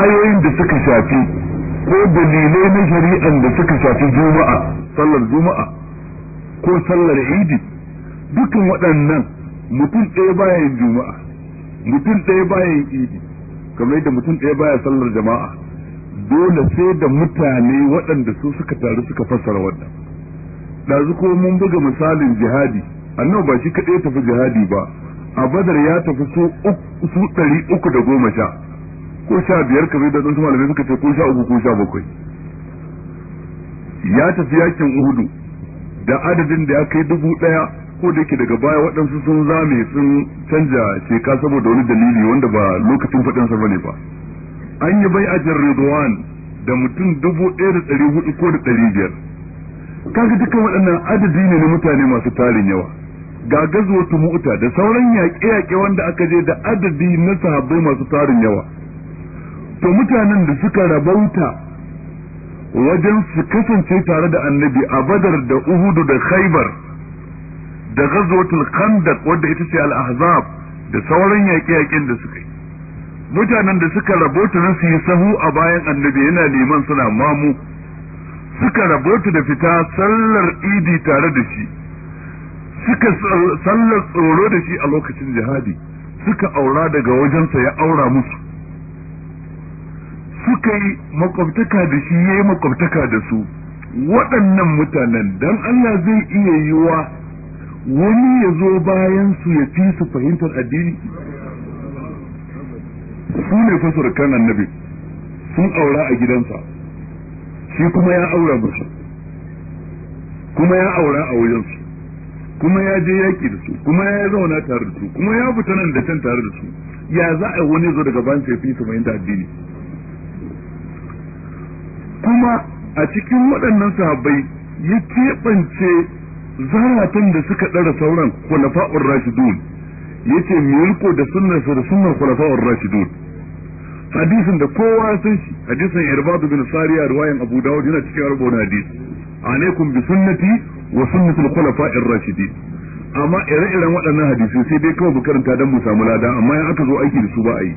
ayoyin da suka shafi ko dalilai na shari'an da suka shafi juma'a sallar juma'a ko sallar idi dukkan waɗannan mutum ɗaya bayan juma'a mutum ɗaya bayan idi kamar yadda mutum ɗaya bayan sallar jama'a dole sai da mutane waɗanda su suka taru suka fassara wannan ɗazu ko mun buga misalin jihadi annabi ba shi kaɗai tafi jihadi ba a badar ya tafi su su ɗari uku da goma sha ko sha biyar kamar da ɗansu malamai suka ce ko sha uku ko sha bakwai ya tafi yakin uhudu da adadin da ya kai dubu ɗaya ko da yake daga baya waɗansu sun zame sun canja sheka saboda wani dalili wanda ba lokacin faɗinsa bane ba an yi bai ajin ridwan da mutum dubu ɗaya da ɗari hudu ko da ɗari biyar kaga dukkan waɗannan adadi ne na mutane masu tarin yawa ga gazwatu mu'ta da sauran yaƙe-yaƙe wanda aka je da adadi na sahabbai masu tarin yawa to mutanen da suka rabauta wajen su kasance tare da annabi a badar da uhudu da khaibar da gazwatul khandaq wadda ita ce al-ahzab da sauran yaƙe-yaƙen da suka yi mutanen da suka rabota na su yi sahu a bayan annabi yana neman suna mamu suka rabota da fita sallar idi tare da shi suka sallar tsoro da shi a lokacin jihadi suka aura daga wajensa ya aura musu suka yi makwabtaka da shi ya yi makwabtaka da su waɗannan mutanen dan Allah zai iya yi wa wani ya zo bayan su ya fi su fahimtar addini su ne fasurkan annabi sun aura a gidansa shi kuma ya aura musu kuma ya aura a wajensu kuma ya je yaki da su kuma ya zauna tare da su kuma ya fita nan da can tare da su ya za a wani zo daga ban sai fi mai da addini kuma a cikin waɗannan sahabbai ya keɓance zaratan da suka ɗara sauran khulafa'ur rashidun yace milko da sunnar da sunnar khulafa'ur rashidun hadisin da kowa san shi hadisin irbadu bin sariya riwayan abu dawud yana cikin arbon hadisi alaikum bi sunnati wa sunnatul ar Rashidi amma ire-iren waɗannan hadisi sai dai kawai bukaranta don mu samu lada amma in aka zo aiki da su ba a yi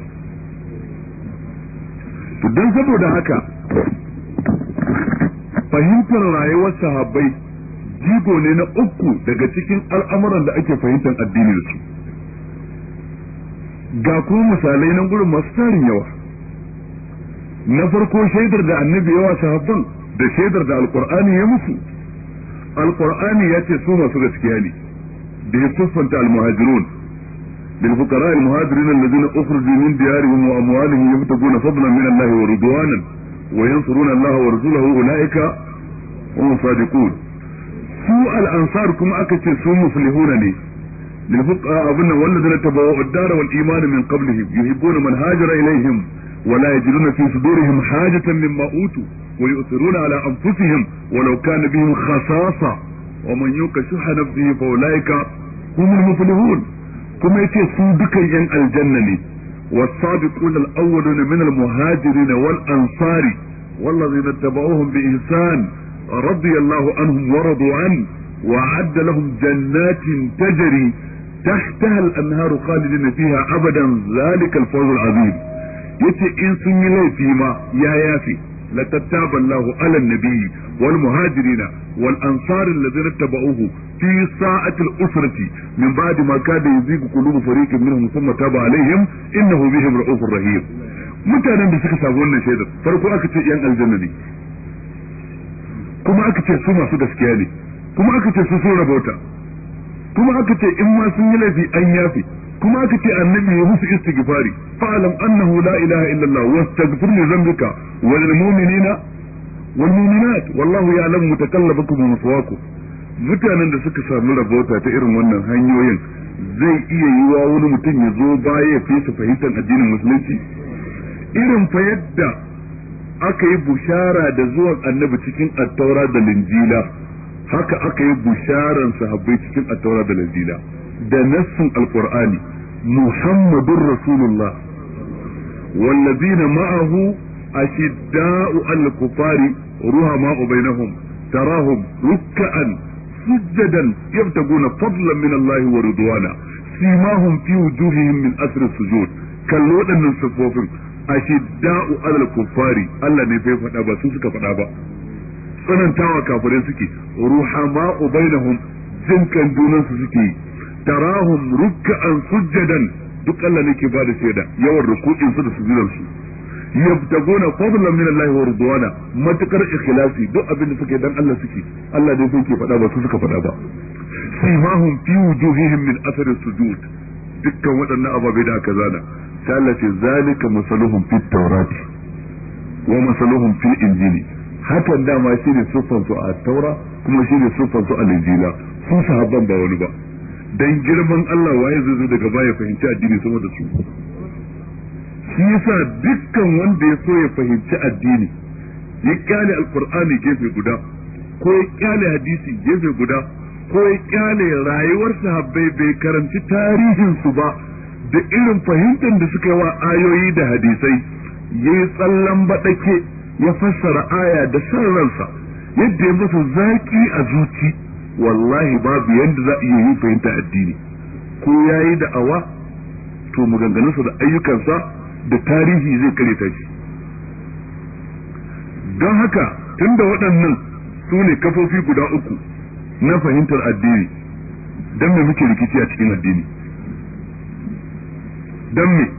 to don saboda haka fahimtar rayuwar sahabbai jigo ne na uku daga cikin al'amuran da ake fahimtar addini su ga kuma misalai nan gurin masu tarin yawa na farko shaidar da annabi yawa sahabban da shaidar da alkur'ani ya musu القرآن يأتي صفة su كياني به ne da المهاجرون للفقراء المهاجرين الذين اخرجوا من ديارهم واموالهم يبتغون فضلا من الله ورضوانا وينصرون الله ورسوله اولئك هم الصادقون سوء الانصار كما اكثر سوء مفلحون لي للفقراء اظن والذين تبوا الدار والايمان من قبلهم يحبون من هاجر اليهم ولا يجدون في صدورهم حاجة مما اوتوا ويؤثرون على انفسهم ولو كان بهم خصاصة ومن يوق شح نفسه فاولئك هم المفلحون كما يتي سو ين الجنة لي والسابقون الاولون من المهاجرين والانصار والذين اتبعوهم بإحسان رضي الله عنهم ورضوا عنه وأعد لهم جنات تجري تحتها الأنهار خالدين فيها أبدا ذلك الفوز العظيم يتي in sun يا laifi لقد تاب الله على النبي والمهاجرين والأنصار الذين اتبعوه في ساعة الأسرة من بعد ما كان يزيغ قلوب فريق منهم ثم تاب عليهم إنه بهم رؤوف رحيم mutanen da suka samu wannan shaidar farko aka ce yan aljanna ne kuma aka ce su masu gaskiya ne kuma aka ce su sun rabauta kuma aka ce in ma laifi an yafe kuma aka ce annabi ya musu istighfari fa'alam annahu la ilaha illallah wastaghfir li dhanbika wa lil mu'minina wal mu'minat wallahu ya'lamu mutakallabakum wa maswaakum mutanen da suka samu rabota ta irin wannan hanyoyin zai iya yiwa wani mutum ya zo baya ya fi su fahimtar addinin musulunci irin fa yadda aka yi bushara da zuwan annabi cikin attaura da linjila haka aka yi busharan sahabbai cikin attaura da linjila da nassin alqur'ani muhammadur rasulullah والذين معه أشداء على الكفار رهماء بينهم تراهم ركعا سجدا يبتغون فضلا من الله ورضوانا سيماهم في وجوههم من أثر السجود كاللون أن الصفوفين أشداء على الكفار ألا نفي فتابا سوسك فتابا tsanantawa kafirai suke ruhama bainahum jinkan junansu suke tarahum ruk'an sujjadan duk Allah ne ke ba da shaida yawan ruku'in su da sujudar su yabtaguna fadlan min Allah wa ridwana matakar ikhlasi duk abin da suke dan Allah suke Allah dai suke faɗa ba su suka faɗa ba simahum fi wujuhihim min athar sujud dukkan waɗannan ababe da aka zana sai Allah ce zalika masaluhum fit tawrati wa masaluhum fil injili hakan dama shine siffar su a taura kuma shine siffar su a injila sun sahabban ba wani ba dan girman Allah waye zai zo daga baya fahimci addini sama da su shi yasa dukkan wanda ya so ya fahimci addini ya kyale alqur'ani gefe guda ko ya kyale hadisi gefe guda ko ya kyale rayuwar sahabbai bai karanci tarihin su ba da irin fahimtar da suka yi wa ayoyi da hadisai yayi tsallan baɗake ya fassara aya da san yadda ya masa zaki a zuci wallahi babu yadda za a yi fahimta addini ko yayi da'awa to maganganunsa da ayyukansa da tarihi zai kare ta shi don haka tunda waɗannan su ne kafofi guda uku na fahimtar addini don me muke rikici a cikin addini don me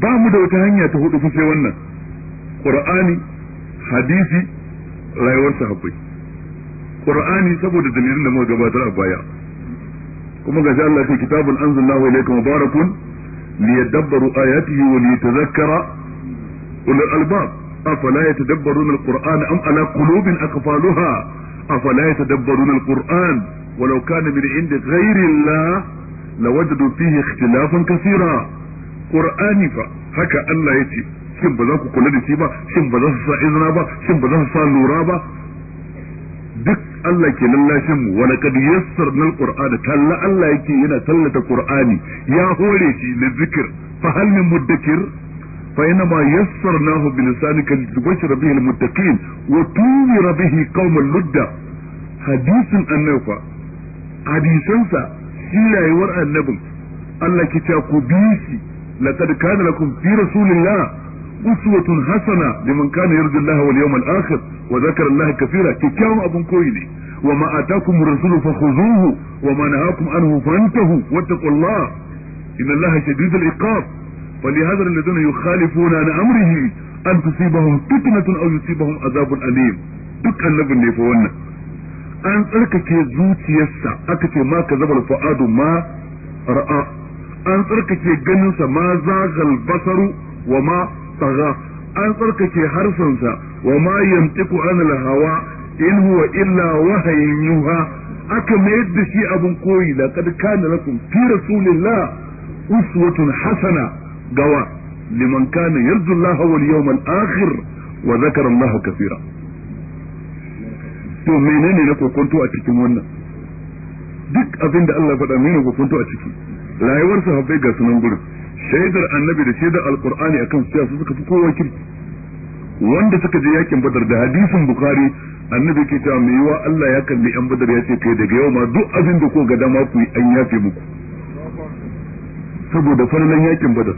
ba mu da wata hanya ta hudu sai wannan Qur'ani, hadisi rayuwar sahabbai qur'ani saboda dalilin da muka gabatar a baya kuma ga Allah ce kitabun anzalnahu ilayka mubarakun liyadabbaru ayatihi wa liyatadhakkara ulul albab afala yatadabbaruna alqur'ana am ala qulubin aqfaluha afala yatadabbaruna alqur'an ولو كان من عند غير الله لوجدوا فيه اختلافا كثيرا قرآني فا هكا الله يتي shin ba za ku kula da shi ba shin ba za su sa izina ba shin ba za su sa lura ba Allah ke lallashin mu wa laqad yassarna alqur'ana talla Allah yake yana tallata qur'ani ya hore shi li zikr fa hal min muddakir fa inna ma yassarnahu bi lisanika litubashshira bihi almuttaqin wa tunzira bihi qauman ludda hadisin annabi hadisansa shi rayuwar annabin Allah ke cewa ku bi shi laqad kana lakum fi rasulillah أسوة حسنة لمن كان يرجو الله واليوم الآخر وذكر الله كثيرا كيكام أبن كويلي وما أتاكم الرسول فخذوه وما نهاكم عنه فانتهوا واتقوا الله إن الله شديد العقاب فلهذا الذين يخالفون عن أمره أن تصيبهم فتنة أو يصيبهم عذاب أليم دك النبي اللي فونا أن تركك زوت يسع أكتي ما كذب الفؤاد ما رأى أن تركك جنس ما زاغ البصر وما tsaga an tsarkake harsansa wa ma yamtiku anil hawa in huwa illa wahayin yuha aka mayar da shi abin koyi da laqad kana lakum fi rasulillah uswatun hasana gawa liman kana yarju Allah wal yawmal akhir wa zakara Allah kaseera to menene na kokonto a cikin wannan duk abin da Allah faɗa mene kokonto a ciki rayuwar sahabbai ga sunan gurin shaidar annabi da shaidar alqur'ani akan su su suka fi kowa kirki wanda suka je yakin badar da hadisin bukhari annabi ke cewa mai yiwa Allah ya kalli yan badar ya ce kai daga yau ma duk abin da ko ga dama ku an yafe muku saboda farlan yakin badar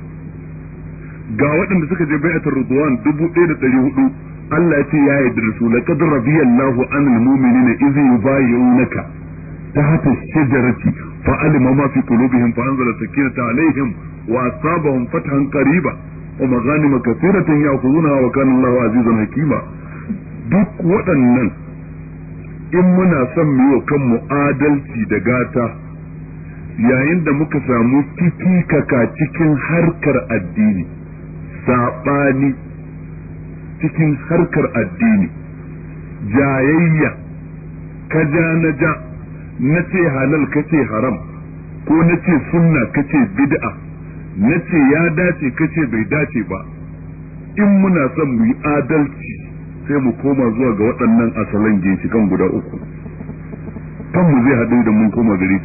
ga waɗanda suka je bai'atar ridwan hudu Allah ya ce ya yarda da su laqad radiyallahu na mu'minina idh yubayyi'unaka tahta ash-shajarati fa alima ma fi qulubihim fa anzala sakinata alaihim wa asabahum fathan qariba wa maghanima kathiratan ya'khuduna wa kana Allahu azizan duk waɗannan in muna son mu yi kanmu adalci da gata yayin da muka samu titikaka cikin harkar addini saɓani cikin harkar addini jayayya ka ja na ja na ce halal ka ce haram ko na ce sunna ka ce bid'a na ce ya dace kace bai dace ba in muna son mu yi adalci sai mu koma zuwa ga waɗannan asalan ginshikan guda uku mu zai haɗu da mun koma gare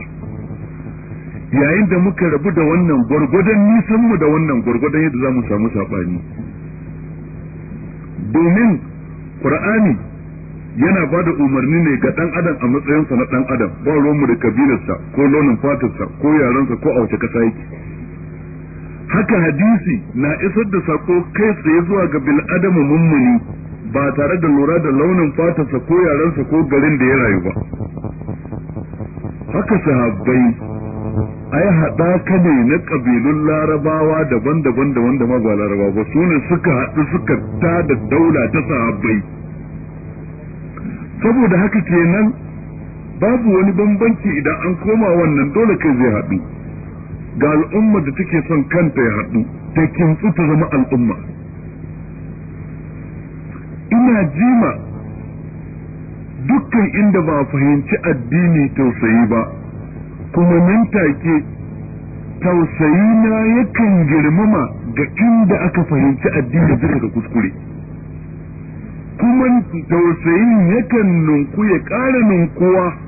yayin da muka rabu da wannan gwargwadon nisan mu da wannan gwargwadon yadda za mu samu saɓani domin ƙur'ani yana ba da umarni ne ga ɗan adam a matsayinsa na ɗan adam ba ruwanmu da kabilarsa ko launin fatarsa ko yarensa ko a wace ƙasa yake haka hadisi na isar da sako kai tsaye zuwa ga bil'adama mummuni ba tare da lura da launin fatarsa ko yarensa ko garin da ya rayu ba haka sahabbai ai haɗaka ne na ƙabilun larabawa daban-daban da wanda ma ba larabawa ba su ne suka haɗu suka ta da daula ta sahabbai saboda haka kenan babu wani bambanci idan an koma wannan dole kai zai haɗu ga al'umma da take son kanta ya haɗu ta kintsu ta zama al'umma ina jima dukkan inda ba fahimci addini tausayi ba kuma nan take tausayi na yakan girmama ga inda aka fahimci addini bisa ga kuskure kuma tausayin yakan nunku ya ƙara nunkuwa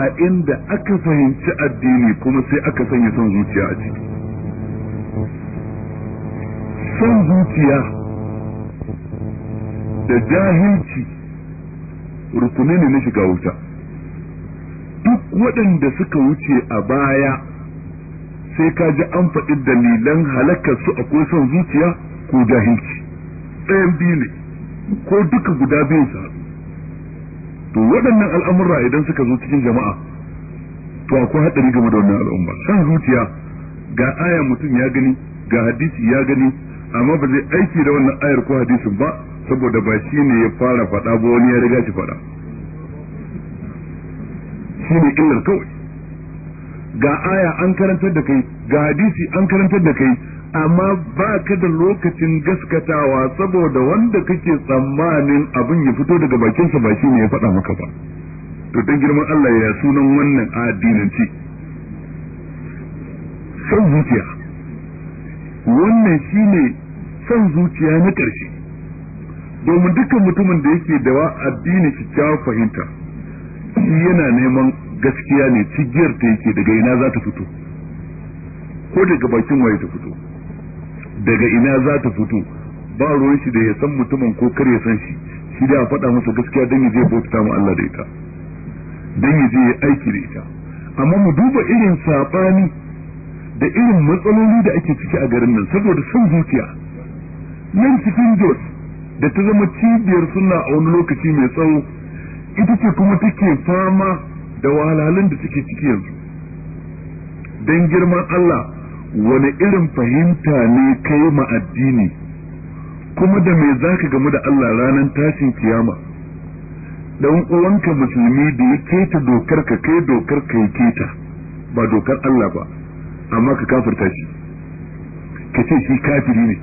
a inda aka fahimci addini kuma sai aka sanya son zuciya a ciki son zuciya da jahilci rukuni ne na shiga wuta duk waɗanda suka wuce a baya sai ka ji an faɗi dalilan halakar su akwai son zuciya ko jahilci ɗayan biyu ne ko duka guda biyu su to waɗannan al'amurra idan suka zo cikin jama'a to akwai haɗari game da wannan al'umma Kan zuciya ga aya mutum ya gani ga hadisi ya gani amma ba zai aiki da wannan ayar ko hadisin ba saboda ba shi ne ya fara faɗa ba wani ya riga shi faɗa shi ne illar kawai ga aya an karantar da kai ga hadisi an karantar da kai amma ba ka da lokacin gaskatawa saboda wanda kake tsammanin abin ya fito daga bakinsa ba shi ne ya faɗa maka ba to dan girman Allah ya sunan wannan addinanci san zuciya wannan shine san zuciya na ƙarshe domin dukkan mutumin da yake da wa addini kyakkyawa fahimta shi yana neman gaskiya ne cigiyar ta yake daga ina za ta fito ko daga bakin waye ta fito daga ina za ta fito ba ruwan shi da ya san mutumin ko kar ya san shi shi da faɗa masa gaskiya dan ya je bauta mu Allah da ita dan ya aiki da ita amma mu duba irin saɓani da irin matsaloli da ake ciki a garin nan saboda son zuciya nan cikin Jos da ta zama cibiyar suna a wani lokaci mai tsawo ita ce kuma take fama da wahalhalun da take ciki yanzu don girman Allah wani irin fahimta ne kai ma addini kuma da me zaka gamu da Allah ranar tashin kiyama dan uwanka musulmi da ya keta dokar ka kai dokar ka ya keta ba dokar Allah ba amma ka kafirta shi ka ce shi kafiri ne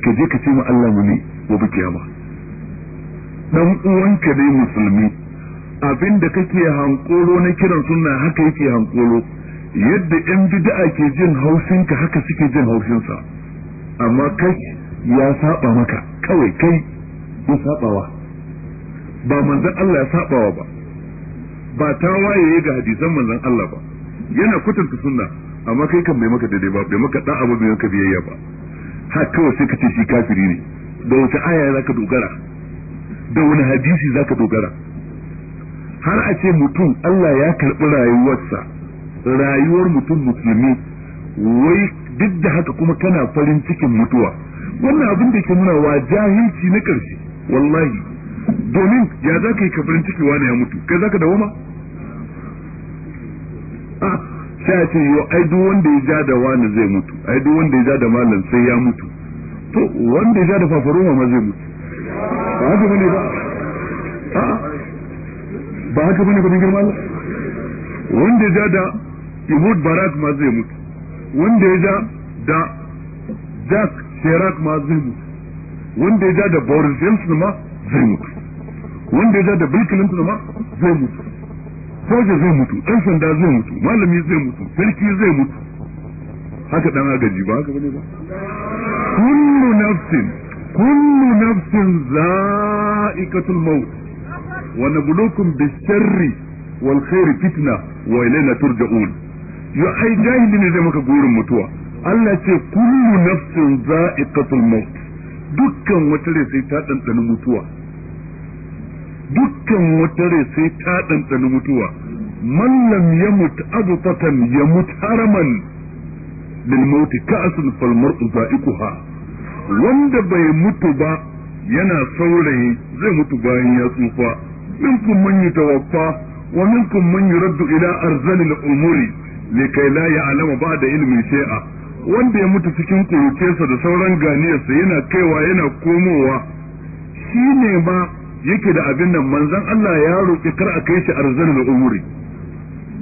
ka je ka ce ma Allah mu ne bi kiyama dan uwanka dai musulmi abinda kake hankoro na kiran sunna haka yake hankoro yadda yan bid'a ke jin haushinka haka suke jin hausinsa amma kai ya saba maka kawai kai ya sabawa ba manzan Allah ya sabawa ba ba ta waye ga hadisan manzan Allah ba yana kutanta sunna amma kai kan bai maka daidai ba bai maka da'a ba bai biyayya ba haka kawai sai ka ce shi kafiri ne da ayaya aya zaka dogara da wani hadisi zaka dogara har a ce mutum Allah ya karɓi rayuwarsa rayuwar mutum musulmi wai duk da haka kuma kana farin cikin mutuwa wannan abin da ke nuna wa jahilci na karshe wallahi domin ya za ka yi ka farin ciki wani ya mutu kai za ka dawoma ah, sai a ce yo ai duk wanda ya ja da wani zai mutu ai duk wanda ya ja da malam sai ya mutu to wanda ya ja da fafaroma ma zai mutu ba haka bane ba a ah, ba haka bane ba girma Allah wanda ya ja da imud barak ma zai mutu wanda ya ja da jack sherak ma zai mutu wanda ya ja da boris johnson ma zai mutu wanda ya ja da bill clinton ma zai mutu soja zai mutu ɗan sanda zai mutu malami zai mutu sarki zai mutu haka dan agaji ba haka bane ba kullu nafsin kullu nafsin za'iqatul maut wa nabluukum bis-sharri wal khairi fitna wa ilayna turja'un ya ai jahili ne zai maka gurin mutuwa Allah ce kullu nafsin za'iqatul maut dukkan wata rai sai ta ɗanɗani mutuwa dukkan wata rai sai ta ɗanɗani mutuwa man lam yamut adtatan yamut haraman bil maut ka'sun fal mar'u za'iquha wanda bai mutu ba yana saurayi zai mutu bayan ya tsufa minkum man yutawaffa wa minkum man yuraddu ila arzalil umuri likai la ya alama ba da ilmi a wanda ya mutu cikin kuruciyarsa da sauran ganiyarsa yana kaiwa yana komowa shi ne ma yake da abin nan manzon Allah ya roƙi kar a kai shi arzalul umri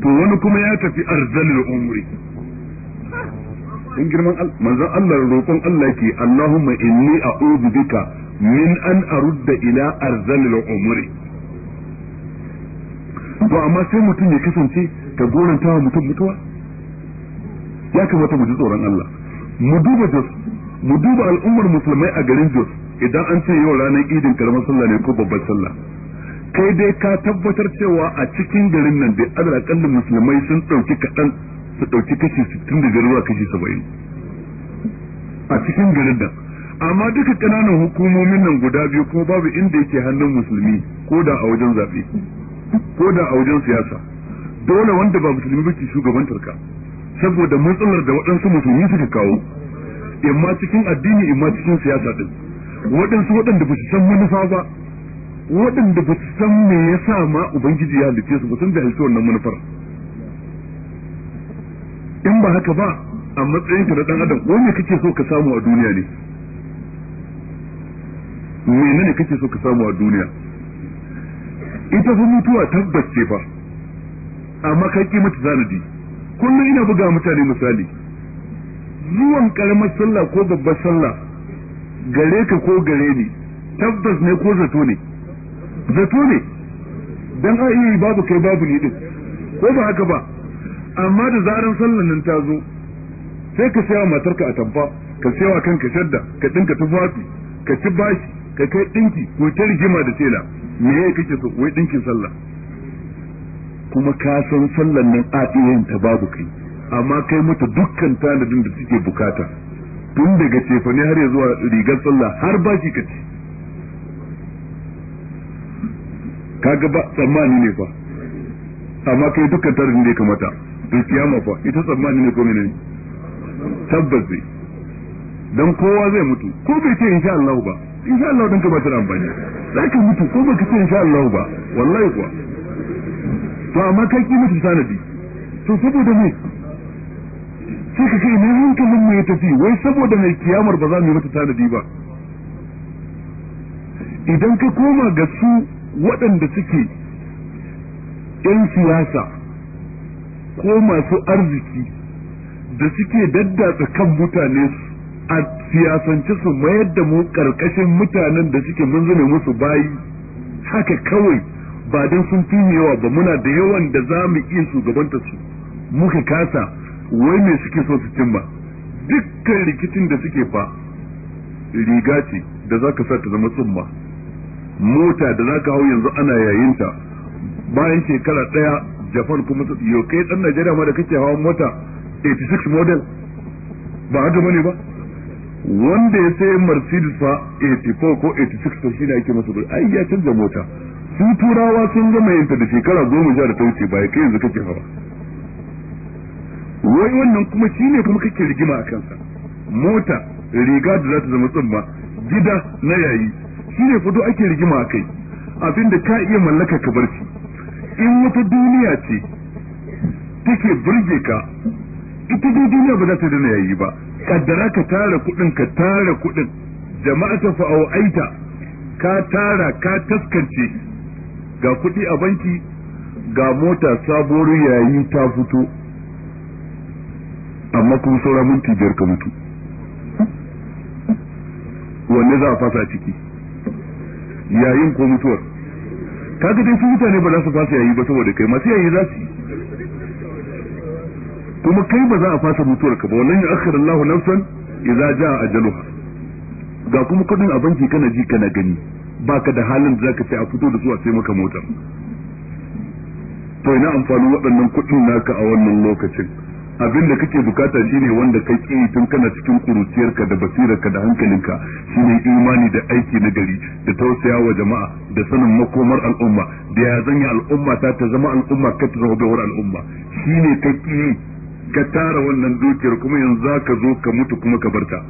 to wani kuma ya tafi arzalul umri in girman manzon Allah roƙon Allah ke Allahumma inni a'udhu bika min an arudda ila arzalil umri to amma sai mutum ya kasance ka goranta wa mutum mutuwa ya kamata mu ji tsoron Allah mu duba Jos mu duba al'ummar musulmai a garin Jos idan an ce yau ranar idin karamar sallah ne ko babbar sallah kai dai ka tabbatar cewa a cikin garin nan dai adala kallon musulmai sun ɗauki kaɗan su ɗauki kashi sittin da garuwa kashi saba'in a cikin garin nan amma duka ƙananan hukumomin nan guda biyu kuma babu inda yake hannun musulmi ko da a wajen zaɓe ko da a wajen siyasa dole wanda ba musulmi ba ke shugabantar ka saboda matsalar da waɗansu musulmi suka kawo imma cikin addini imma cikin siyasa din waɗansu waɗanda ba su san manufa ba waɗanda ba su san me yasa ma ubangiji ya halice su ba sun jahilci wannan manufar in ba haka ba a matsayin ka na dan adam wani kake so ka samu a duniya ne menene kake so ka samu a duniya ita fa mutuwa tabbas ce fa amma kai ki mata zanadi kullum ina buga mutane misali zuwan karamar sallah ko babbar sallah gare ka ko gare ni tabbas ne ko zato ne zato ne dan a babu kai babu ni din ko ba haka ba amma da zarar sallan nan ta zo sai ka sayawa matarka a tabba ka sayawa kanka shadda ka dinka tufafi ka ci bashi ka kai dinki ko ta rigima da tela me yake kake so wai dinkin sallah kuma ka san sallan nan a yin ta babu kai amma kai mata dukkan tanadin da suke bukata tun daga cefa ne har ya zuwa rigar sallah har baki ka ci kaga ba tsammani ne fa amma kai dukkan tanadin da ya kamata to kiyama fa ita tsammani ne ko menene tabbas zai dan kowa zai mutu ko bai ce insha Allah ba insha Allah dan ka ba ta amfani zaka mutu ko ka ce insha Allah ba wallahi kuwa to amma ka ki musu sanadi to saboda me sai ka kai na hankalin mu ya tafi wai saboda mai kiyamar ba za mu yi mata tanadi ba idan ka koma ga su waɗanda suke yan siyasa ko masu arziki da suke daddatsa kan mutane a siyasance su mayar da mu ƙarƙashin mutanen da suke mun musu bayi haka kawai ba don sun fi yawa ba muna da yawan da za mu iya shugabanta su muka kasa wai mai suke so su cimma dukkan rikicin da suke fa riga ce da za ka sa ta zama tsumma mota da za ka hau yanzu ana yayinta bayan shekara ɗaya japan kuma su yau kai ɗan najeriya ma da kake hawan mota 86 model ba haka bane ba wanda ya sai mercedes fa 84 ko 86 to shi ne ake masa ai ya canza mota su turawa sun gama yanta da shekara goma sha da ta wuce ba kai yanzu kake hawa wai wannan kuma shi ne kuma kake rigima a kansa mota riga da za ta zama tsumma gida na yayi shi ne fito ake rigima a kai abinda ka iya mallaka ka barci in wata duniya ce take burge ka ita dai duniya ba za ta dana yayi ba kaddara ka tara kuɗin ka tara kudin jama'a ta fa'au aita ka tara ka taskance ga kuɗi a banki ga mota sabuwar yayi ta fito amma kuma saura minti biyar ka mutu wanne za a fasa ciki yayin ko mutuwar ta dai su mutane ba za su fasa yayi ba saboda kai masu yayi za su yi kuma kai ba za a fasa mutuwar ka ba wannan ya akhira Allahu nafsan idza jaa ajaluha ga kuma kudin a banki kana ji kana gani baka da halin da zaka ce a fito da su a sai maka mota to ina amfani waɗannan kuɗin naka a wannan lokacin abin da kake bukata shine wanda kai ki tun kana cikin kuruciyarka da basirarka da hankalinka shine imani da aiki na gari da tausaya wa jama'a da sanin makomar al'umma da ya zanya al'umma ta ta zama al'umma ka ta zama baiwar al'umma shine ka ki ka tara wannan dukiyar kuma yanzu ka zo ka mutu kuma ka barta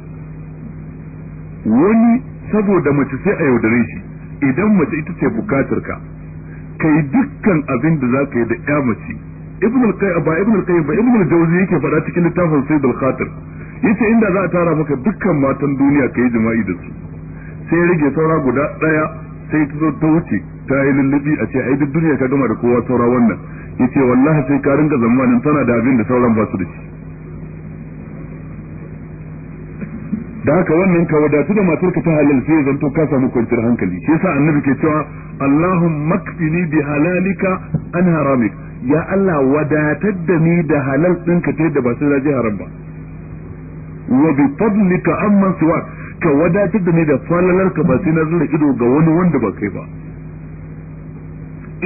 wani saboda mace sai a yaudare shi idan mace ita ce bukatar ka kai dukkan abin da zaka yi da ya mace ibn al-qayyim ba ibn al-qayyim ba ibn al-jawzi yake faɗa cikin littafin sayyid al-khatir yace inda za a tara maka dukkan matan duniya kai jima'i da su sai rage saura guda daya sai ta zo ta wuce ta yi lullubi a ce ai duk duniya ka gama da kowa saura wannan yace wallahi sai ka ringa zamanin tana da abin da sauran ba su da shi da haka wannan ka wadatu da matarka ta halal sai zanto ka samu kwanciyar hankali shi yasa annabi ke cewa Allahumma kfini bi halalika an haramik ya Allah wadatar da ni da halal ɗinka ta yadda ba sai na haram ba wa bi fadlika amma siwa ka wadatar da ni da falalarka ba sai na zura ido ga wani wanda ba kai ba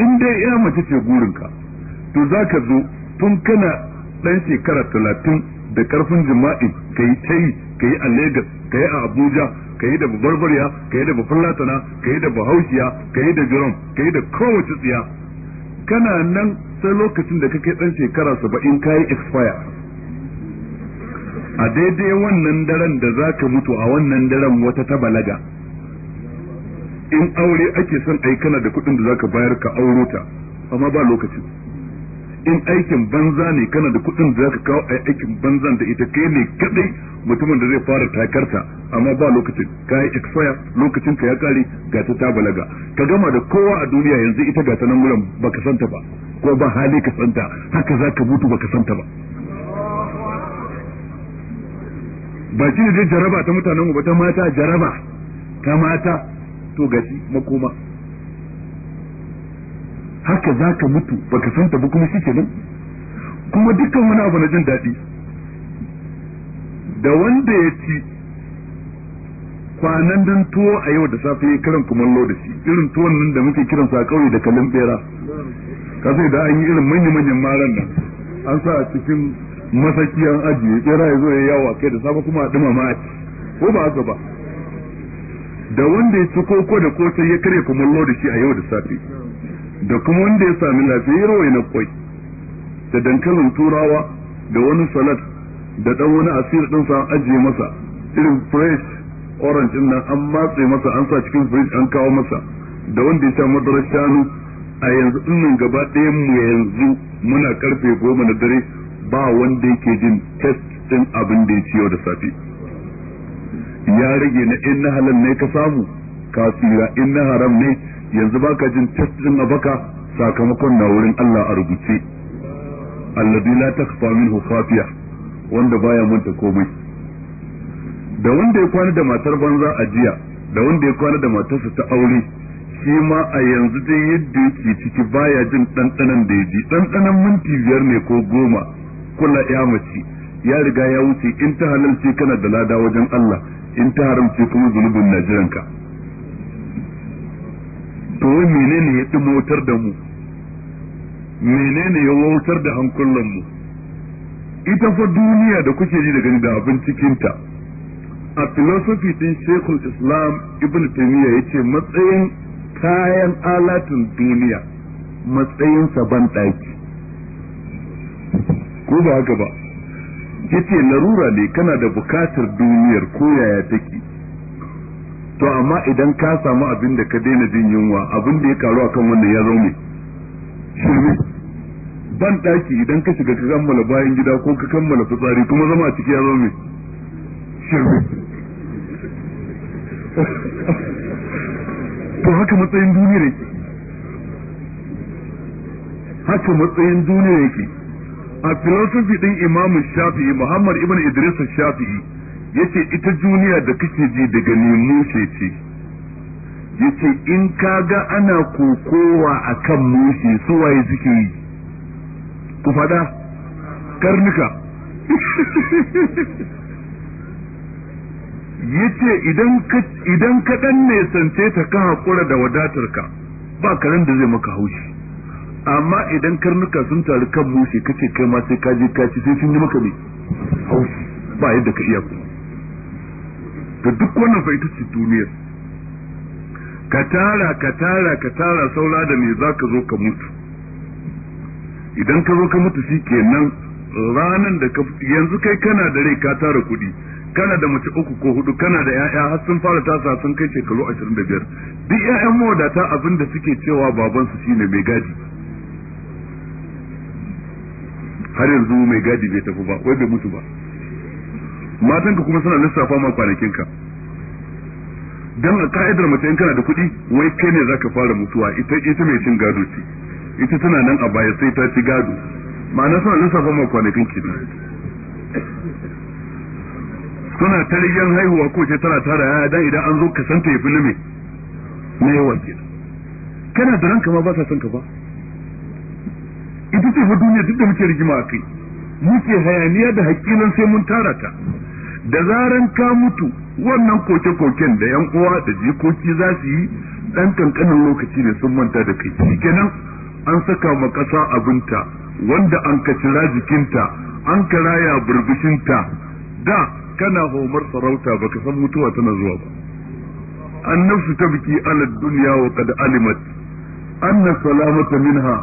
in dai ya mace ce burinka to zaka zo tun kana dan shekara talatin da karfin jima'i kai tai kai a Lagos kai a Abuja kai da ka kai da ka kai da bahaushiya kai da jiran kai da kowace tsiya kana nan sai lokacin da kake dan shekara saba'in kayi expire a daidai wannan daren da za ka mutu a wannan daren wata ta balaga in aure ake son ai kana da kuɗin da za ka bayar ka auro ta amma ba lokacin in aikin banza ne kana da kuɗin da zaka kawo ai aikin banzan da ita kai ne kadai mutumin da zai fara takarta amma ba lokacin ka yi expire lokacin ka ya kare ga ta ta balaga ka gama da kowa a duniya yanzu ita ga ta nan gurin baka santa ba ko ba hali ka santa haka zaka mutu baka santa ba ba shi ne jaraba ta mutanen mu ba ta mata jaraba ta mata to gashi makoma haka za ka mutu baka san ta ba kuma shi kenan kuma dukkan wani abu na jin daɗi da wanda ya ci kwanan dan tuwo a yau da safe kiran kumallo da shi irin tuwon nan da muke kiran sa ƙauye da kalin bera ka sai da an yi irin manya manyan maran nan an sa a cikin masaki an ajiye bera ya zo ya yawa kai da safe kuma a dima ma ko ba haka ba da wanda ya ci koko da kotai ya karya kumallo da shi a yau da safe da kuma wanda ya sami lafiya lafiyar na kwai da dankalin turawa da wani salat da dan wani asir din sa ajiye masa irin fresh orange din nan an matse masa an sa cikin fridge an kawo masa da wanda ya sha madarar shanu a yanzu dinnan gaba ɗaya mu yanzu muna karfe goma na dare ba wanda yake jin test din abin da ya ci yau da safe ya rage na in halal ne ka samu kafira in na haram ne yanzu baka jin test din a baka sakamakon na wurin Allah a rubuce alladhi la takfa minhu khafiya wanda baya manta komai da wanda ya kwana da matar banza a jiya da wanda ya kwana da matarsa ta aure shi ma a yanzu dai yadda yake ciki baya jin ɗanɗanan da yaji ji ɗanɗanan minti biyar ne ko goma kula ya mace ya riga ya wuce in ta halalce kana da lada wajen Allah in ta haramce kuma zunubin na jiranka to wai menene ya dimotar da mu menene ya wautar da hankulan mu ita fa duniya da kuke ji daga gani da abin cikinta a philosophy din shekul islam ibn ya yace matsayin kayan alatun duniya matsayin saban daki ko ba haka ba yace larura ne kana da bukatar duniyar ko yaya take to amma idan ka samu abin da ka daina jin yunwa abin da ya karu akan wannan ya zaune shirme ban daki idan ka shiga ka kammala bayan gida ko ka kammala fitsari kuma zama a ciki ya zaune shirme to haka matsayin duniya yake haka matsayin duniya yake a filosofi din imamun Shafi'i Muhammad ibn Idris Shafi'i yace ita duniya da kake ji daga nemo ce yace in kaga ana kokowa a kan mushe suwaye suke yi ku fada karnuka yace idan ka idan ka dan ne sance ta ka hakura da wadatarka ba karen da zai maka haushi amma idan karnuka sun taru kan mushe kace kai ma sai ka je ka ci sai sun yi maka ne haushi ba yadda ka iya kuma to duk wannan fa ita ce duniyar ka tara ka tara ka tara saura da me za zo ka mutu idan ka zo ka mutu shi kenan ranan da ka yanzu kai kana da rai ka tara kuɗi kana da mace uku ko hudu kana da 'ya'ya har sun fara tasa sun kai shekaru ashirin da biyar duk ƴaƴan mawadata abin da suke cewa babansu shine mai gadi har yanzu mai gadi bai tafi ba wai bai mutu ba matanka kuma suna lissafa ma kwanakin ka dan a ka'idar mace in kana da kuɗi wai kai ne zaka fara mutuwa ita ita mai cin gado ce ita tana nan a baya sai ta ci gado ma'ana suna lissafa ma kwanakin kenan suna ta rigen haihuwa ko ce tana tara yaya dan idan an zo ka san ya yafi lume na yawa kana da ranka ma ba ta son ka ba ita ce fa duniya duk da muke rigima a kai muke hayaniya da hakilan sai mun tara ta da zaran ka mutu wannan koke-koken da yan uwa da jikoki za su yi dan kankanin lokaci ne sun manta da kai kenan an saka ma ƙasa abinta wanda an kacira jikinta an karaya burbushinta da kana homar sarauta baka san mutuwa tana zuwa ba An ta ta ala dunya wa qad alimat anna salamata minha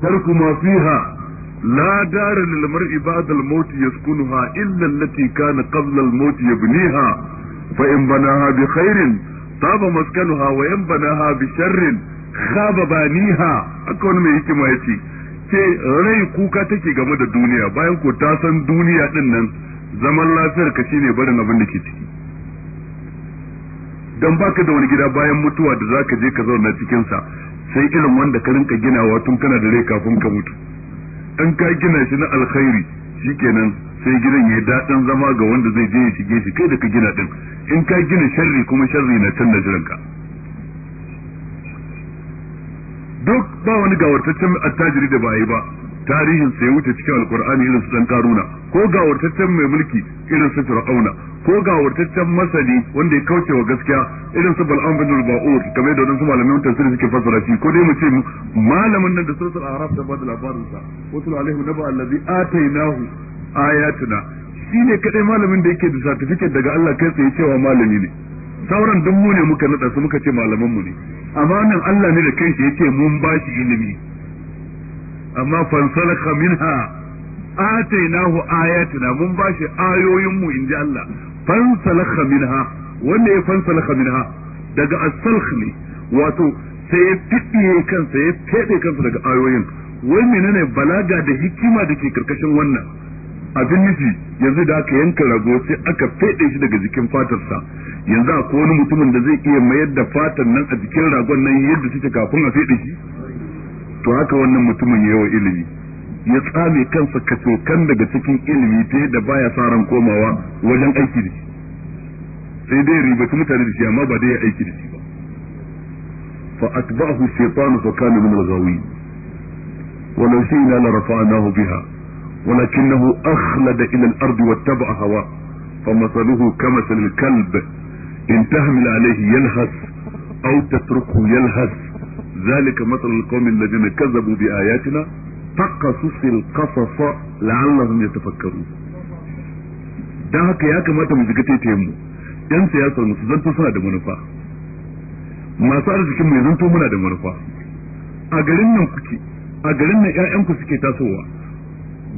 tarku ma fiha لا دار للمرء بعد الموت يسكنها إلا التي كان قبل الموت يبنيها فإن بناها بخير طاب مسكنها وإن بناها بشر خاب بانيها أكون ما يكما ke rai kuka take game da duniya bayan ko ta san duniya din nan zaman lafiyar ka shine barin abin da ke ciki dan baka da wani gida bayan mutuwa da zaka je ka zauna cikin sa sai irin wanda ka rinka ginawa tun kana da rai kafin ka mutu an ka gina shi na alkhairi shi kenan sai gidan yayi daɗin zama ga wanda zai je ya shige shi kai da ka gina din in ka gina sharri kuma sharri na can da jiranka duk ba wani gawartaccen attajiri da ba yi ba tarihin sai wuce cikin alkur'ani irin su dan karuna ko ga wartaccen mai mulki irin su fir'auna ko ga wartaccen masani wanda ya kauce wa gaskiya irin su bal'am bin al-ba'ur kamar da wannan malamin tafsiri suke fassara shi ko dai mu ce malamin nan da suratul a'raf da bada labarin sa wasul alaihi naba allazi atainahu ayatuna shine kadai malamin da yake da certificate daga Allah kai tsaye cewa malami ne sauran duk mu ne muka nada su muka ce malaman mu ne amma nan Allah ne da kanshi yake mun bashi ilimi amma fansalaka minha atainahu ayatina mun bashi ayoyin mu inji Allah fansalaka minha wanda ya fansalaka minha daga as-salkh ne wato sai ya fiɗiye kansa ya fede kansa daga ayoyin wai menene balaga da hikima da ke karkashin wannan abin nufi yanzu da aka yanka rago sai aka fede shi daga jikin fatarsa yanzu akwai wani mutumin da zai iya mayar da fatan nan a jikin ragon nan yadda take kafin a fede shi to haka wannan mutumin yawa ilimi ya tsame kansa kan daga cikin ilimi ta yadda baya sa ran komawa wajen aiki da shi sai dai ribatu mutane da shi amma ba dai ya aiki da shi ba fa atba'ahu shaytanu fa kana min al-ghawin ولو شئنا لرفعناه بها ولكنه أخلد إلى الأرض hawa fa masaluhu كمثل الكلب إن تهمل alayhi yalhas aw tatruku yalhas zalika matsalul qaumin ladina kazzabu bi ayatina faqasusil qasasa la'allahum yatafakkarun dan haka ya kamata mu jiga taitayen mu yan siyasar mu su zanto suna da manufa masu arzikin mai zanto muna da manufa a garin nan kuke a garin nan ƴaƴanku suke tasowa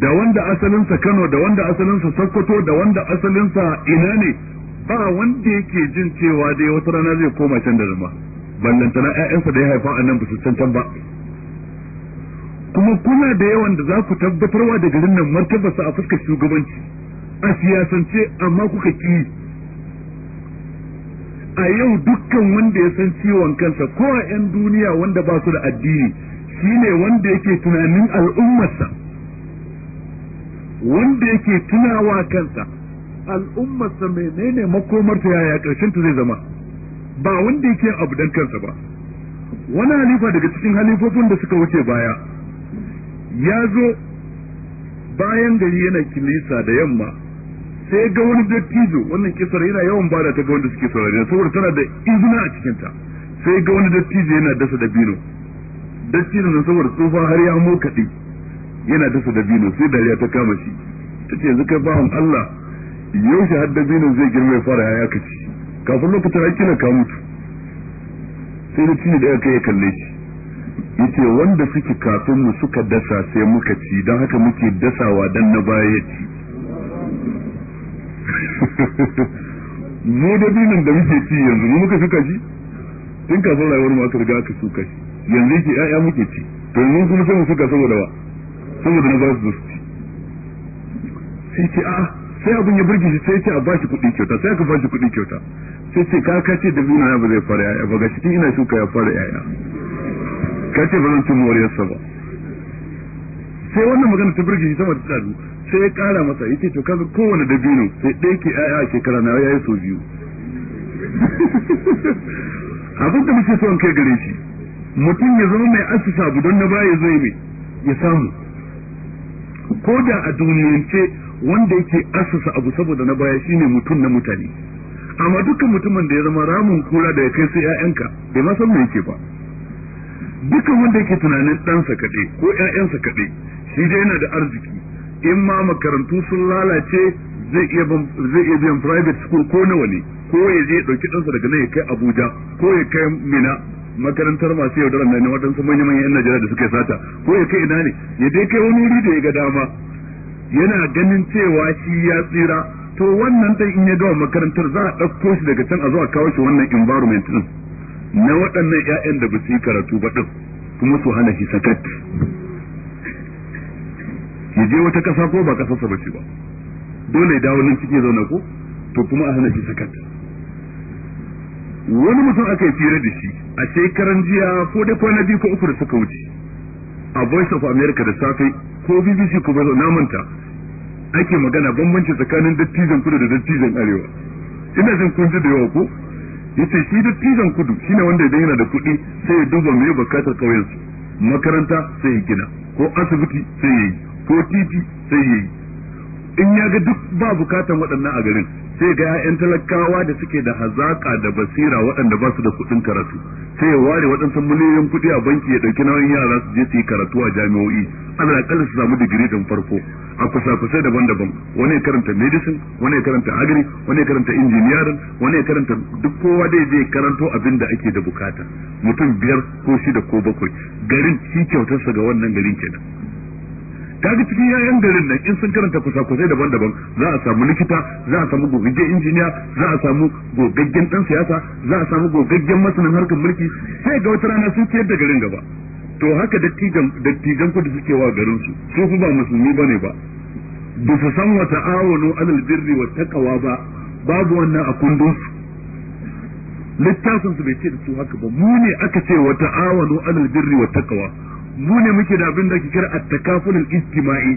da wanda asalinsa Kano da wanda asalinsa Sokoto da wanda asalinsa ina ne ba wanda yake jin cewa dai wata rana zai koma can da zama ballantana ƴaƴansa da ya haifa a nan ba su cancan ba kuma kuna da yawan da za ku tabbatarwa da garin nan su a fuskar shugabanci a siyasance amma kuka ki a yau dukkan wanda ya san ciwon kansa ko a 'yan duniya wanda ba su da addini shine wanda yake tunanin al'ummarsa wanda yake tunawa kansa al'ummarsa menene makomarta yaya ƙarshen ta zai zama ba wanda yake abu dan kansa ba wani halifa daga cikin halifofin da suka wuce baya ya zo bayan gari yana kilisa da yamma sai ga wani dattijo wannan kisar yana yawan bada ta ga wanda suke saurare saboda tana da izina a cikinta sai ga wani dattijo yana dasa da dabino dattijo na saboda tsofa har ya mu kadi yana dasa da dabino sai dariya ta kama shi tace ce yanzu kai bawan Allah yau shi har dabino zai girma ya fara ya kaci kafin lokacin na ka mutu sai da cinye da aka ya kalle shi yace wanda suke kafin mu suka dasa sai muka ci don haka muke dasawa dan na baya ya ci mu da binin da muke ci yanzu mu muka suka ci tun kafin rayuwar mu aka riga aka suka shi yanzu yake ƴaƴa muke ci to yanzu kuma sai mu suka saboda wa saboda na ba su ci sai ce a'a sai abin ya burge shi sai ya ce a bashi kuɗi kyauta sai ka bashi kuɗi kyauta sai ce ka ka ce dabino na ba zai fara yaya ba ga tun ina shuka ya fara yaya ka ce ba zan ci moriyarsa ba sai wannan magana ta burge shi sama da tsaro sai ya kara masa ya ce to kaga kowane dabino sai ɗaya ke yaya a shekara na yaya sau biyu abin da muke son kai gare shi mutum ya zama mai asusa abu don na baya zai mai ya samu ko da a duniyance wanda yake asasa abu saboda na baya shine mutum na mutane amma dukkan mutumin da ya zama ramin kura ya kai sai ƴaƴanka bai ma san me yake ba dukkan wanda yake tunanin ɗansa kaɗai ko ƴaƴansa kaɗai shi dai yana da arziki in ma makarantu sun lalace zai iya zai iya biyan private school ko nawa ne ko ya je ɗauki ɗansa daga nan ya kai Abuja ko ya kai Mina makarantar masu yaudarar nan na waɗansu manya manyan Najeriya da suka sata ko ya kai ina ne ya dai kai wani wuri da ya ga dama yana ganin cewa shi ya tsira to wannan dai in ya gawa makarantar za a ɗauko shi daga can a zuwa kawo shi wannan environment din na waɗannan 'ya'yan da ba su yi karatu ba ɗin kuma su hana shi sakat ya je wata ƙasa ko ba ƙasarsa ba ce ba dole ya dawo nan cike zauna ko to kuma a hana shi sakat wani mutum aka yi fira da shi a shekaran jiya ko dai kwana biyu ko uku da suka wuce a voice of america da safe ko BBC ko ba na manta ake magana bambanci tsakanin dattijan kudu da dattijan arewa ina jin kun ji da yawa ko yace shi dattijan kudu shine wanda ya yana da kuɗi sai ya duba mai bukatar kauyen su makaranta sai ya gina ko asibiti sai ya yi ko titi sai ya yi in ya ga duk ba bukatan waɗannan a garin sai ga 'ya'yan talakawa da suke da hazaka da basira waɗanda ba su da kuɗin karatu sai ya ware waɗansu miliyoyin kuɗi a banki ya ɗauki nauyin yara su je su yi karatu a jami'o'i ana ƙalla su samu digiri don farko a kusa-kusa daban-daban wani ya karanta medicine wani ya karanta agri wani ya karanta engineering wani ya karanta duk kowa dai zai karanto abin da ake da bukata mutum biyar ko shida ko bakwai garin shi kyautarsa ga wannan garin kenan kaga cikin yayan garin nan in sun karanta kusa-kusai daban-daban za a samu likita za a samu gogaggen injiniya za a samu gogaggen dan siyasa za a samu gogaggen masanin harkar mulki sai ga wata rana sun ciyar da garin gaba to haka dattijan dattijan kudu suke wa garin su su ba musulmi bane ba ba su san wa ta'awunu alal birri wa taqwa ba babu wannan a kundin su littafin su bai ce da su haka ba mu ne aka ce wa ta'awunu alal birri wa taqwa mu ne muke da abin da ke kira at-takafulul ijtima'i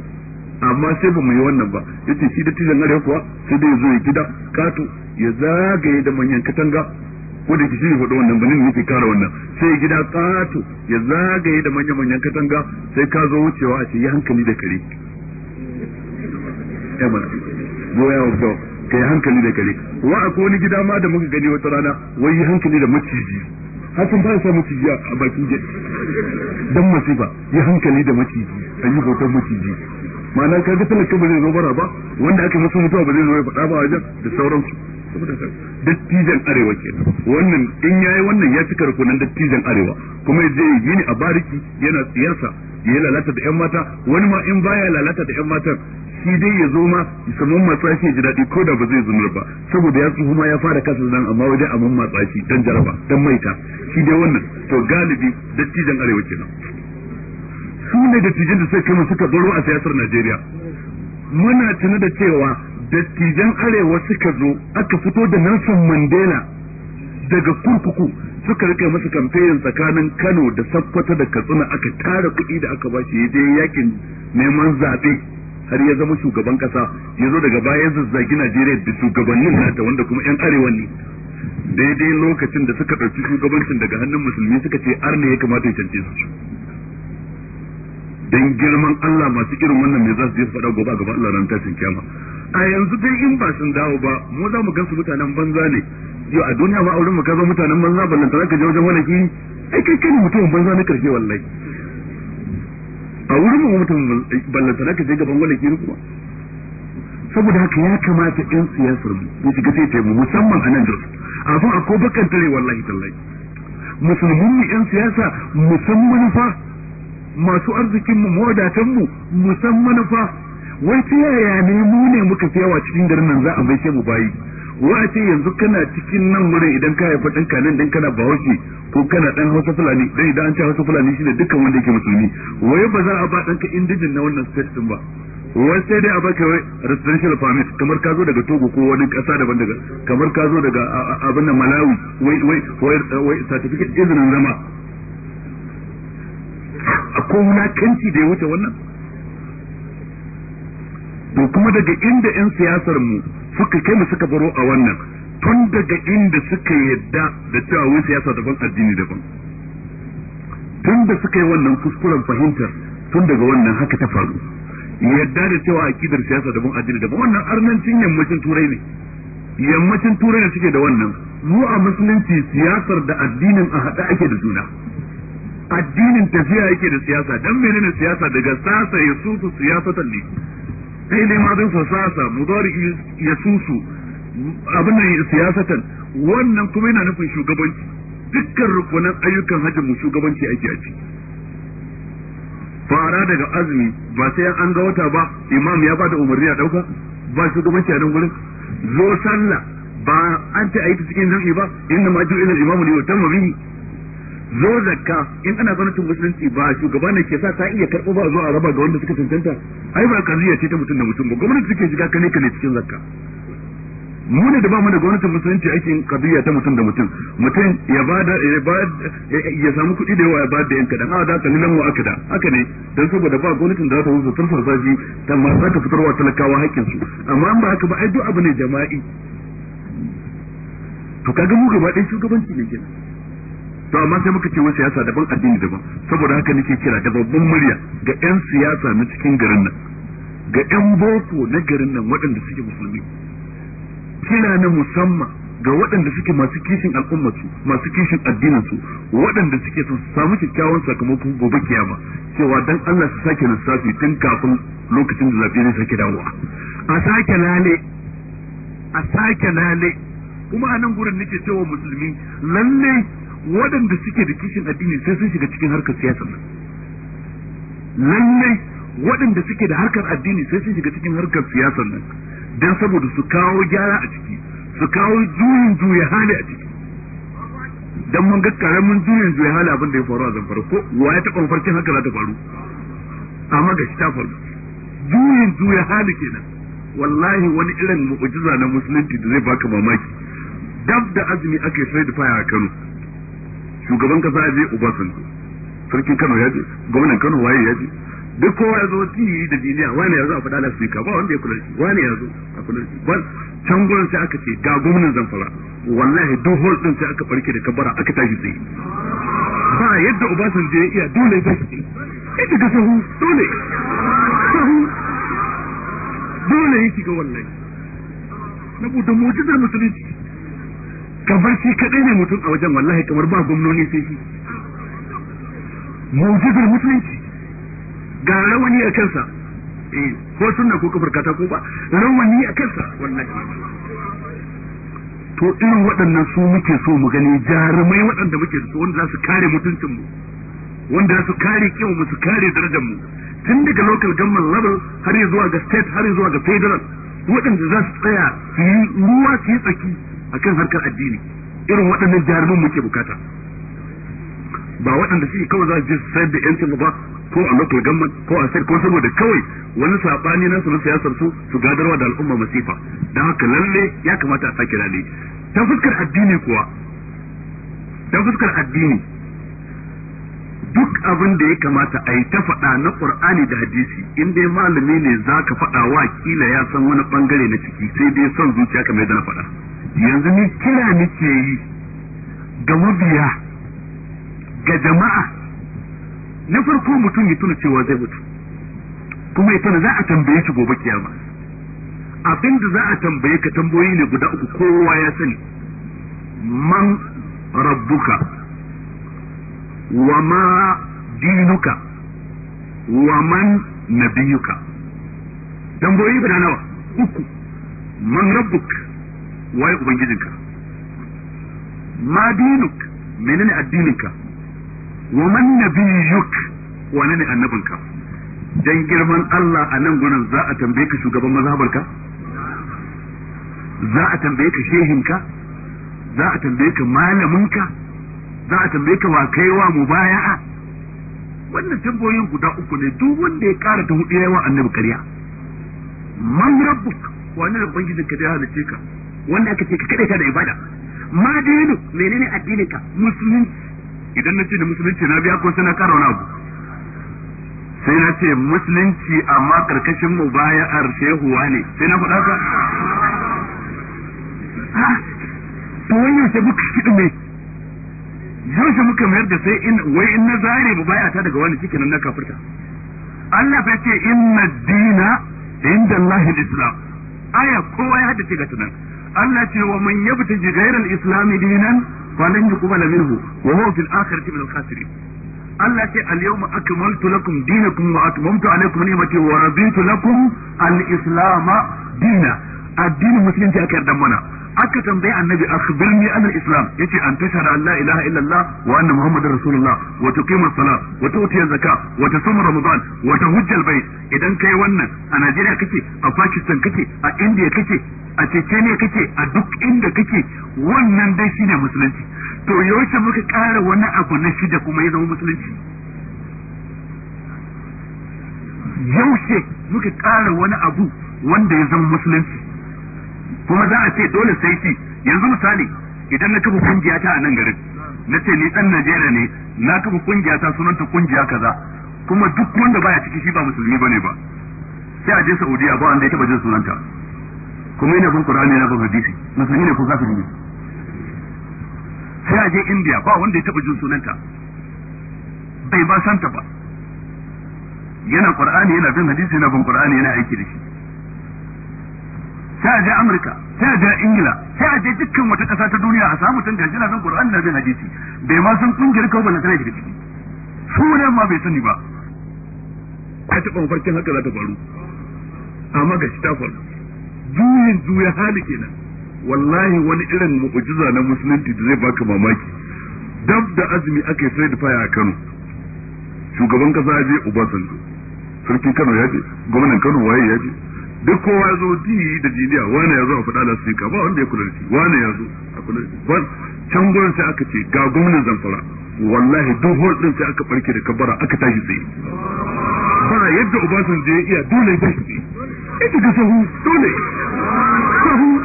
amma sai ba mu yi wannan ba yace shi da tijan arewa kuwa sai dai zo ya gida kato ya zagaye da manyan katanga ko da kishi hudu wannan banin yake kara wannan sai gida kato ya zagaye da manyan manyan katanga sai ka zo wucewa a ce yi hankali da kare emma eh, go ya wuce kai hankali da kare wa akwai wani gida ma da muka gani wata rana wai yi hankali da maciji hakan ba sa maciji a bakin gate dan masifa ya hankali da maciji a yi hoton maciji ma'ana ka ga talaka ba zai zo bara ba wanda aka masu mutuwa ba zai zo ya faɗa ba wajen da sauransu dattijan arewa ke wannan in ya yi wannan ya cika rukunan dattijan arewa kuma ya je yini a bariki yana siyasa ya lalata da yan mata wani ma in baya lalata da yan matan shi dai ya zo ma samun matsashi ji daɗi ko da ba zai zumar ba saboda ya tsuhu ma ya fara kasa zan amma wajen abin matsashi dan jaraba dan maita shi dai wannan to galibi dattijan arewa kenan su ne dattijan da suka kuma suka zoro a siyasar Najeriya muna tuna da cewa dattijan arewa suka zo aka fito da Nelson Mandela daga kurkuku suka rike masa kamfeyin tsakanin Kano da Sokoto da Katsina aka tara kuɗi da aka bashi ya je yakin neman zaɓe har ya zama shugaban kasa ya zo daga baya zazzagi Najeriya da shugabannin nata wanda kuma yan arewa ne daidai lokacin da suka ɗauki shugabancin daga hannun musulmi suka ce ne ya kamata ya canje su dan girman Allah masu irin wannan me za su je su faɗa gobe a gaban Allah ran tashin kiyama a yanzu dai in ba sun dawo ba mu za mu gansu mutanen banza ne yau a duniya ma auren mu ka zo mutanen banza ballan tare ka je wajen wani ai kai kai mutum banza na karshe wallahi a wurin mu mutum ballanta da ka je gaban wani kiri kuma saboda haka ya kamata yan siyasar mu ya shiga sai taimu musamman a nan jos a ko bakan tare wallahi tallahi musulmin mu yan siyasa musamman fa masu arzikin mu mawadatan mu musamman fa wai ta yaya ne mu ne muka fi yawa cikin garin nan za a bai mu bayi wa a ce yanzu kana cikin nan wurin idan ka haifa ɗanka nan dan kana bahaushe ko kana ɗan hausa fulani dan idan an ce hausa fulani shine dukkan wanda yake musulmi waye ba za a ba ɗanka indijin na wannan state din ba wai sai dai a baka wai residential permit kamar ka zo daga Togo ko wani ƙasa daban daga kamar ka zo daga abin na Malawi wai wai wai certificate izinin zama akwai wulakanci da ya wuce wannan to kuma daga inda 'yan siyasar mu suka kai mu suka baro a wannan tun daga inda suka yadda da cewa wai siyasa daban addini daban tun da suka yi wannan kuskuren fahimtar tun daga wannan haka ta faru yadda da cewa akidar siyasa daban addini daban wannan arnancin yammacin turai ne yammacin turai ne suke da wannan mu a musulunci siyasar da addinin a haɗe ake da juna addinin tafiya yake da siyasa dan menene siyasa daga sasa ya susu siyasatan ne sai dai don fasasa mudari ya susu abin nan siyasatan wannan kuma yana nufin shugabanci dukkan rukunan ayyukan hajji mu shugabanci ake a fara daga azumi ba sai an ga wata ba imam ya bada umarni a dauka ba shugabanci a nan gurin zo sallah ba an ta a cikin jam'i ba inna ma ju'ila al-imamu wa tamma bihi zo zakka in ana gwamnatin musulunci ba shugaba ne ke sa ta iya karɓo ba zuwa raba ga wanda suka cancanta ai ba kaziya ce ta mutum da mutum ba gwamnati suke shiga kane kane cikin zakka mu ne da ba mu da gwamnatin musulunci aikin kabiya ta mutum da mutum mutum ya ba da ya samu kuɗi da yawa ya ba da yan kaɗan a da kalilan wa aka da haka ne don saboda ba gwamnatin da za ta wuce turfar zaji ta ma za ta fitarwa talakawa hakkin su amma an ba haka ba ai duk abu ne jama'i to kaga mu gaba ɗaya shugabanci ne kenan to amma sai muka ce wai siyasa daban addini daban saboda haka nake kira da babban murya ga yan siyasa na cikin garin nan ga yan boko na garin nan waɗanda suke musulmi kira na musamman ga waɗanda suke masu kishin al'ummatu masu kishin addininsu waɗanda suke su samu kyakkyawan sakamakon gobe kiyama cewa dan Allah su sake lissafi tun kafin lokacin da zaɓe ne sake dawowa a sake lale a sake lale kuma a nan gurin nake cewa musulmi lalle waɗanda suke da kishin addini sai sun shiga cikin harkar siyasa lallai waɗanda suke da harkar addini sai sun shiga cikin harkar siyasa nan don saboda su kawo gyara a ciki su kawo juyin juya hali a ciki dan mun ga karamin juyin juya hali abin da ya faru a zamfara ko wa ya taɓa farkin haka za ta faru amma ga shi ta faru juyin juya hali kenan wallahi wani irin mu'jiza na musulunci da zai baka mamaki dab da azumi aka yi sai da faya a Kano shugaban kasa ya je Obasanjo sarkin Kano ya je gwamnan Kano waye ya je duk kowa ya zo tiyi da duniya wani ya zo a faɗa lasfika ba wanda ya kula shi wani ya zo a kula shi ba can gurin sai aka ce ga gwamnan zamfara wallahi duk hol din sai aka farke da kabara aka tashi tsaye ba yadda Obasanjo ya iya dole ya tashi tsaye yadda ka sahu dole sahu dole ya shiga wallahi na buɗe mujizar musulunci gabar shi kadai ne mutum a wajen wallahi kamar ba gwamnoni sai shi mu'jizar mutunci ga rawani a kansa eh, ko sunna ko kafar ko ba rawani a kansa wannan to irin waɗannan su muke so mu gani jarumai waɗanda muke so wanda za su kare mutuncin mu wanda za su kare kiwon mu su kare darajar mu tun daga local government level har zuwa ga state har zuwa ga federal waɗanda za su tsaya su yi ruwa su yi tsaki akan harkar addini irin waɗannan jarumin muke bukata ba waɗanda suke kawai za su je sayar da yancin ba ko a local government ko a state ko saboda kawai wani sabani nasu na siyasar su su gadarwa da al'umma masifa don haka lalle ya kamata a sake lalle ta fuskar addini kuwa ta fuskar addini duk abin da ya kamata a yi ta faɗa na ƙur'ani da hadisi in dai malami ne za ka faɗa wa kila ya san wani ɓangare na ciki sai dai son zuciya kamar yadda na faɗa yanzu ni kira nake yi ga mabiya ga jama'a na farko mutum ya tuna cewa zai mutu kuma ita za a tambaye shi gobe kiyama abin da za a tambaye ka tamboyi ne guda uku kowa ya sani man rabbuka wa ma dinuka wa man nabiyuka tamboyi guda nawa uku man rabbuka waye ubangijinka ma dinuk menene addininka wa man nabiyyuk wa ne annabinka dan girman Allah a nan gurin za a tambaye ka shugaban mazhabarka za a tambaye ka shehinka za a tambaye ka malaminka za a tambaye ka wa kaiwa baya wannan tambayoyin guda uku ne duk wanda ya kara ta hudu yayin annabi karya man rabbuk wani da ubangijinka da ya halice ka wanda aka ce ka ta da ibada ma dinu menene addinin ka musulunci idan na ce da musulunci na biya ko sai na kara wani abu sai na ce musulunci amma karkashin mu baya a arshehuwa ne sai na faɗa ka ah, to wannan sai muka kiɗu mai yaushe muka mayar da sai in wai in na zare ba baya ta daga wani cikin na kafirta Allah fa ce inna dina inda Allah islam aya kowa ya haddace ga tunan Allah ce wa man yabtaji ghayra al-islam dinan falan yuqbala minhu wa huwa fil akhirati min al-khasirin Allah ce al-yawma akmaltu lakum dinakum wa atmamtu alaykum ni'mati wa raditu lakum al-islam dina addinin musulunci aka yarda mana aka tambayi annabi akhbirni an al-islam yace an tashhadu an la ilaha illallah wa anna muhammadar rasulullah wa tuqima as-salat wa tu'ti az-zakat wa tasum ramadan wa tahujja al-bayt idan kai wannan a Najeriya kake a Pakistan kake a India kake a Chechnya kake a duk inda kake wannan dai shine musulunci to yaushe muka kara wani abu na shida kuma ya zama musulunci yaushe muka kara wani abu wanda ya zama musulunci kuma za a ce dole sai ci yanzu misali idan na kafa kungiya ta a nan garin na ce ni dan Najeriya ne na kafa kungiya ta sunanta kungiya kaza kuma duk wanda baya ciki shi ba musulmi bane ba sai a je Saudiya ba wanda ya taba jin sunanta kuma ina bin Qur'ani na bin hadisi musulmi ne ko kafiri ne sai a je India ba wanda ya taba jin sunanta bai ba santa ba yana Qur'ani yana bin hadisi yana bin Qur'ani yana aiki da shi sai a je Amurka sai a je Ingila sai a je dukkan wata ƙasa ta duniya a samu tun gashi na san Qur'ani na bin hadisi bai ma san kungiyar kawo ban tana da ciki sunan ma bai sani ba Ta taɓa mafarkin haka za ta faru amma gashi ta faru juyin juya hali kenan wallahi wani irin mu'jiza na musulunci da zai baka mamaki dab da azumi aka yi sai da faya a Kano shugaban kasa ya je Obasanjo sarkin Kano ya je gwamnan Kano waye ya je duk kowa ya zo di da jiniya wani ya zo a faɗa lasfika ba wanda ya kula da shi wani ya zo a kula da shi can gurin sai aka ce ga gwamnan zamfara wallahi duk hulɗin sai aka ɓarke da kabara aka tashi tsaye ba yadda obasanjo je iya dole ba shi tsaye ita ga sahu dole sahu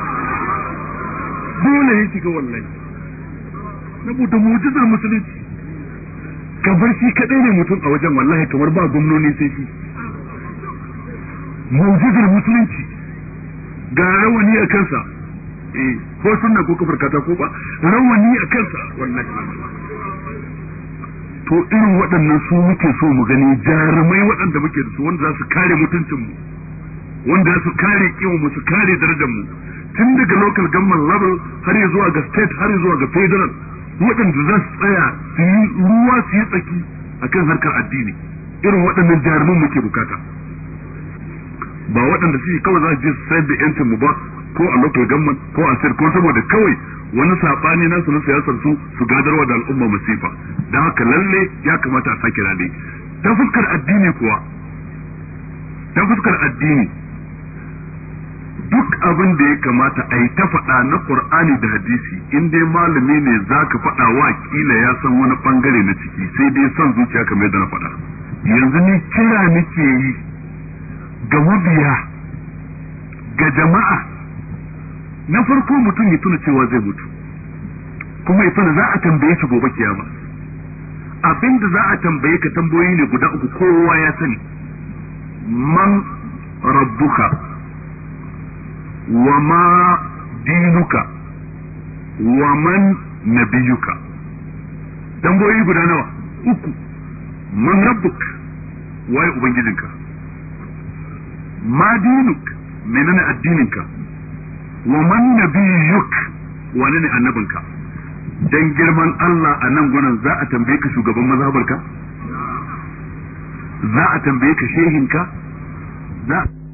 dole ya shiga wallahi saboda mujizar musulunci ka barci shi kaɗai ne mutum a wajen wallahi kamar ba gwamnoni sai shi mujizar musulunci ga rawani a kansa eh, ko suna ko kafar katako ba rawani a kansa wallahi to irin waɗannan su muke so mu gani jarumai waɗanda muke da su wanda za su kare mutuncinmu wanda za su kare kiwonmu su kare darajarmu tun daga local government level har zuwa ga state har zuwa ga federal waɗanda za su tsaya su yi ruwa su yi tsaki akan harkar addini irin waɗannan jarumin muke bukata ba waɗanda suke kawai za su je su sayar da yancin mu ba ko a local government ko a sir ko saboda kawai wani saɓani na su na siyasar su su gadarwa da al'umma masifa da haka lalle ya kamata a sake rane ta fuskar addini kuwa ta fuskar addini duk abin da ya kamata a yi ta faɗa na ƙur'ani da hadisi in dai malami ne za ka faɗa wa kila ya san wani ɓangare na ciki sai dai son zuciya kamar yadda na faɗa yanzu ni kira nake yi ga mabiya ga jama'a na farko mutum ya tuna cewa zai mutu kuma ya tuna za a tambaye shi gobe kiyama abinda za a tambaye ka tambayoyi ne guda uku kowa ya sani man rabbuka wa ma dinuka wa man nabiyuka tambayoyi guda nawa uku man rabbuka waye ubangijinka ma dinuk menene addininka wa man nabiyuk wani ne annabinka dan girman Allah a nan gunan za a tambaye ka shugaban mazhabarka za a tambaye ka shehinka za a